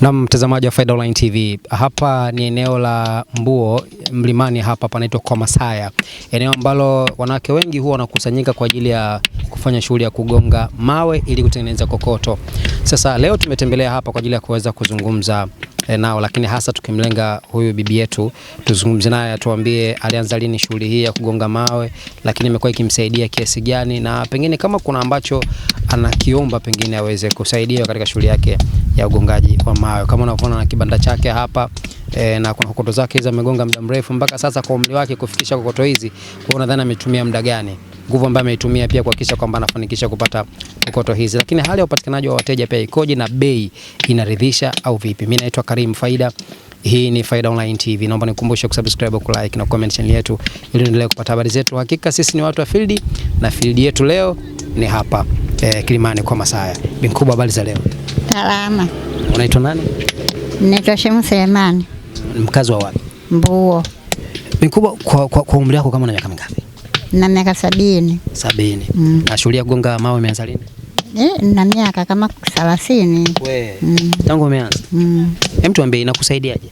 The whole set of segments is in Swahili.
Na mtazamaji wa Faida Online TV, hapa ni eneo la Mbuo mlimani, hapa panaitwa kwa Masaya, eneo ambalo wanawake wengi huwa wanakusanyika kwa ajili ya kufanya shughuli ya kugonga mawe ili kutengeneza kokoto. Sasa leo tumetembelea hapa kwa ajili ya kuweza kuzungumza eh, nao lakini hasa tukimlenga huyu bibi yetu, tuzungumze naye atuambie alianza lini shughuli hii ya kugonga mawe, lakini imekuwa ikimsaidia kiasi gani, na pengine kama kuna ambacho anakiomba pengine aweze kusaidia katika shughuli yake ya ugongaji wa mawe. Kama unavyoona na kibanda chake hapa e, na kuna kokoto zake hizo amegonga muda mrefu mpaka sasa kwa umri wake kufikisha kokoto hizi, kwa unadhani ametumia muda gani? Nguvu ambayo ameitumia pia kuhakikisha kwamba anafanikisha kupata kokoto hizi. Lakini hali ya upatikanaji wa wateja pia ikoje na bei inaridhisha au vipi? Mimi naitwa Karim Faida. Hii ni Faida Online TV. Naomba nikukumbushe kusubscribe, ku like na comment channel yetu ili endelee kupata habari zetu. Hakika sisi ni watu wa field na field yetu leo ni hapa eh, Kilimani kwa Masaya. Binkubwa, habari za leo? salama. Unaitwa nani? Naitwa Shemu Selemani. Mkazi wa wapi? Mbuo. Mikubwa kwa, kwa, kwa umri wako kama na miaka mingapi? Na miaka sabini. Sabini. Mm. Na shughuli ya kugonga mawe imeanza lini? Eh, na miaka kama thelathini. Wewe. Mm. Tangu umeanza? Mm. Hem, tuambie inakusaidiaje?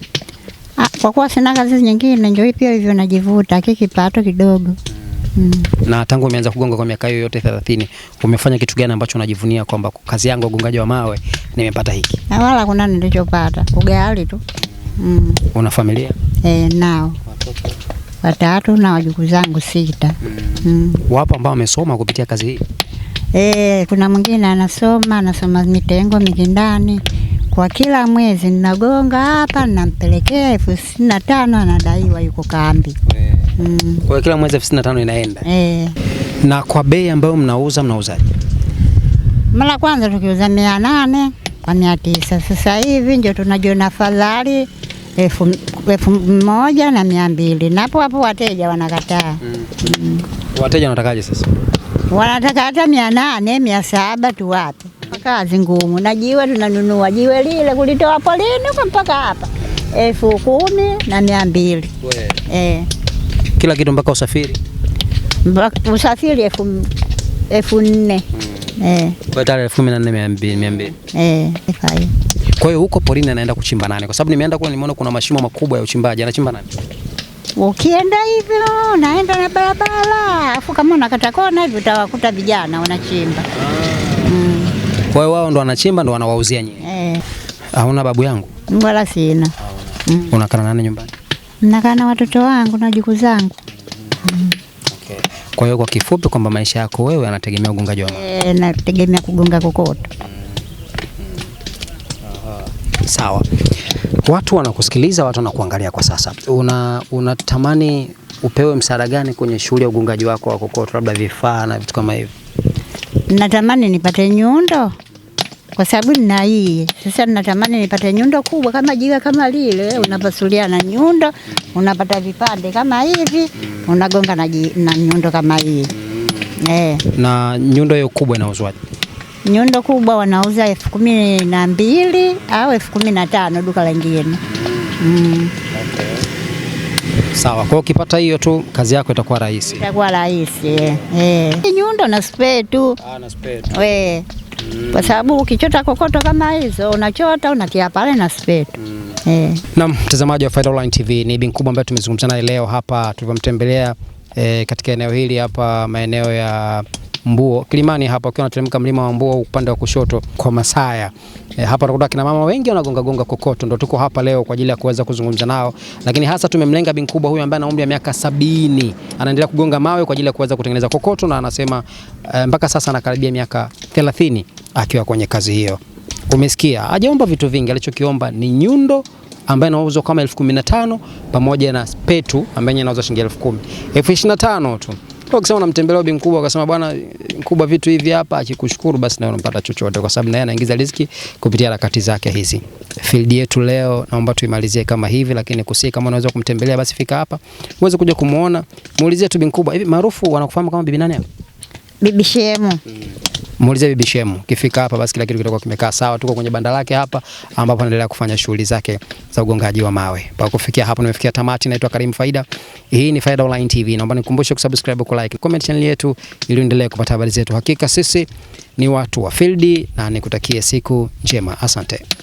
Ah, kwa kuwa sina kazi nyingine, njoo pia hivyo najivuta kikipato kidogo mm. Na tangu umeanza kugonga kwa miaka hiyo yote 30 umefanya kitu gani ambacho unajivunia kwamba kazi yangu ugongaji wa mawe nimepata hiki? Na wala kuna nilichopata ugali tu mm. Una familia eh? Nao watatu na wajukuu zangu sita mm. Mm. Wapo ambao wamesoma kupitia kazi hii eh? Kuna mwingine anasoma anasoma mitengo mikindani kwa kila mwezi ninagonga hapa, ninampelekea elfu sitini na tano anadaiwa, yuko kambi mm. Kwa kila mwezi elfu sitini na tano inaenda e. Na kwa bei ambayo mnauza mnauzaje? Mara kwanza tukiuza mia nane kwa mia tisa sasa hivi ndio tunajiona fadhali elfu elfu moja na mia mbili napo hapo wateja wanakataa mm. Mm. Wateja wanatakaje sasa? Wanataka hata mia nane mia saba tuwape kazi ngumu na jiwe tunanunua jiwe lile kulitoa polini kwa mpaka hapa elfu kumi na mia mbili eh kila kitu mpaka usafiri? usafiri elfu elfu nne hmm. eh, kwa tarehe elfu kumi na nne mia mbili eh, Kwa hiyo huko porini anaenda kuchimba nani? Kwa sababu nimeenda kule nimeona kuna mashimo makubwa ya uchimbaji, anachimba nani? Ukienda hivyo naenda na barabara, afu kama unakata kona hivyo utawakuta vijana wanachimba ah. mm. Kwa hiyo wao ndo wanachimba ndo wanawauzia nyinyi eh. Hauna babu yangu? Wala sina. Mm. Unakana nani nyumbani? mnakaa na watoto wangu na wajukuu zangu. mm. Okay. Kwa hiyo kwa kifupi kwamba maisha yako wewe anategemea ugongaji wa mama. E, eh, nategemea kugonga kokoto. Mm. Sawa. Watu wanakusikiliza, watu wanakuangalia kwa sasa, unatamani upewe msaada gani kwenye shughuli ya ugungaji wako wa kokoto, labda vifaa na vitu kama hivyo? Natamani nipate nyundo kwa sababu nina hii sasa, natamani nipate nyundo kubwa kama jiwe kama lile unapasulia na nyundo unapata vipande kama hivi, unagonga na, na nyundo kama hii mm. eh. Na nyundo hiyo kubwa inauzwaje? Nyundo kubwa wanauza elfu kumi na mbili au elfu kumi na tano duka lingine mm. Sawa, kwa ukipata hiyo tu kazi yako itakuwa rahisi, itakuwa rahisi eh. eh. Nyundo na spare tu, ah, na spare tu. Eh kwa sababu ukichota kokoto kama hizo unachota unatia pale na spetu mm. eh. Naam, mtazamaji wa Faida Online TV ni bibi mkubwa ambaye tumezungumza naye leo hapa tulivyomtembelea eh, katika eneo hili hapa maeneo ya Mbuo Kilimani hapa ukiwa unateremka mlima wa Mbuo upande wa kushoto kwa Masaya. E, hapa tunakuta kina mama wengi wanagonga gonga kokoto, ndio tuko hapa leo kwa ajili ya kuweza kuzungumza nao, lakini hasa tumemlenga Bi Nkubwa huyu ambaye ana umri wa miaka sabini, anaendelea kugonga mawe kwa ajili ya kuweza kutengeneza kokoto na anasema e, mpaka sasa anakaribia miaka thelathini akiwa kwenye kazi hiyo. Umesikia, hajaomba vitu vingi, alichokiomba ni nyundo ambayo inauzwa kama elfu kumi na tano pamoja na petu ambayo inauzwa shilingi elfu kumi elfu ishirini na tano tu. Ukisema unamtembelea bi mkubwa, akasema bwana mkubwa, vitu hivi hapa, akikushukuru basi nawe unapata chochote, kwa sababu naye anaingiza riziki kupitia harakati zake hizi. Field yetu leo naomba tuimalizie kama hivi, lakini kusii, kama unaweza kumtembelea basi fika hapa uweze kuja kumuona, muulizie tu bi mkubwa, hivi maarufu wanakufahamu kama bibi nani hapa, bibi Shemu. Hmm muulize Bibi Shemu. Kifika hapa basi kila kitu kitakuwa kimekaa sawa. Tuko kwenye banda lake hapa ambapo anaendelea kufanya shughuli zake za ugongaji wa mawe. Kwa kufikia hapo nimefikia tamati. Naitwa Karim Faida. Hii ni Faida Online TV. Naomba nikukumbushe kusubscribe, ku like, comment channel yetu ili uendelee kupata habari zetu. Hakika sisi ni watu wa field na nikutakie siku njema. Asante.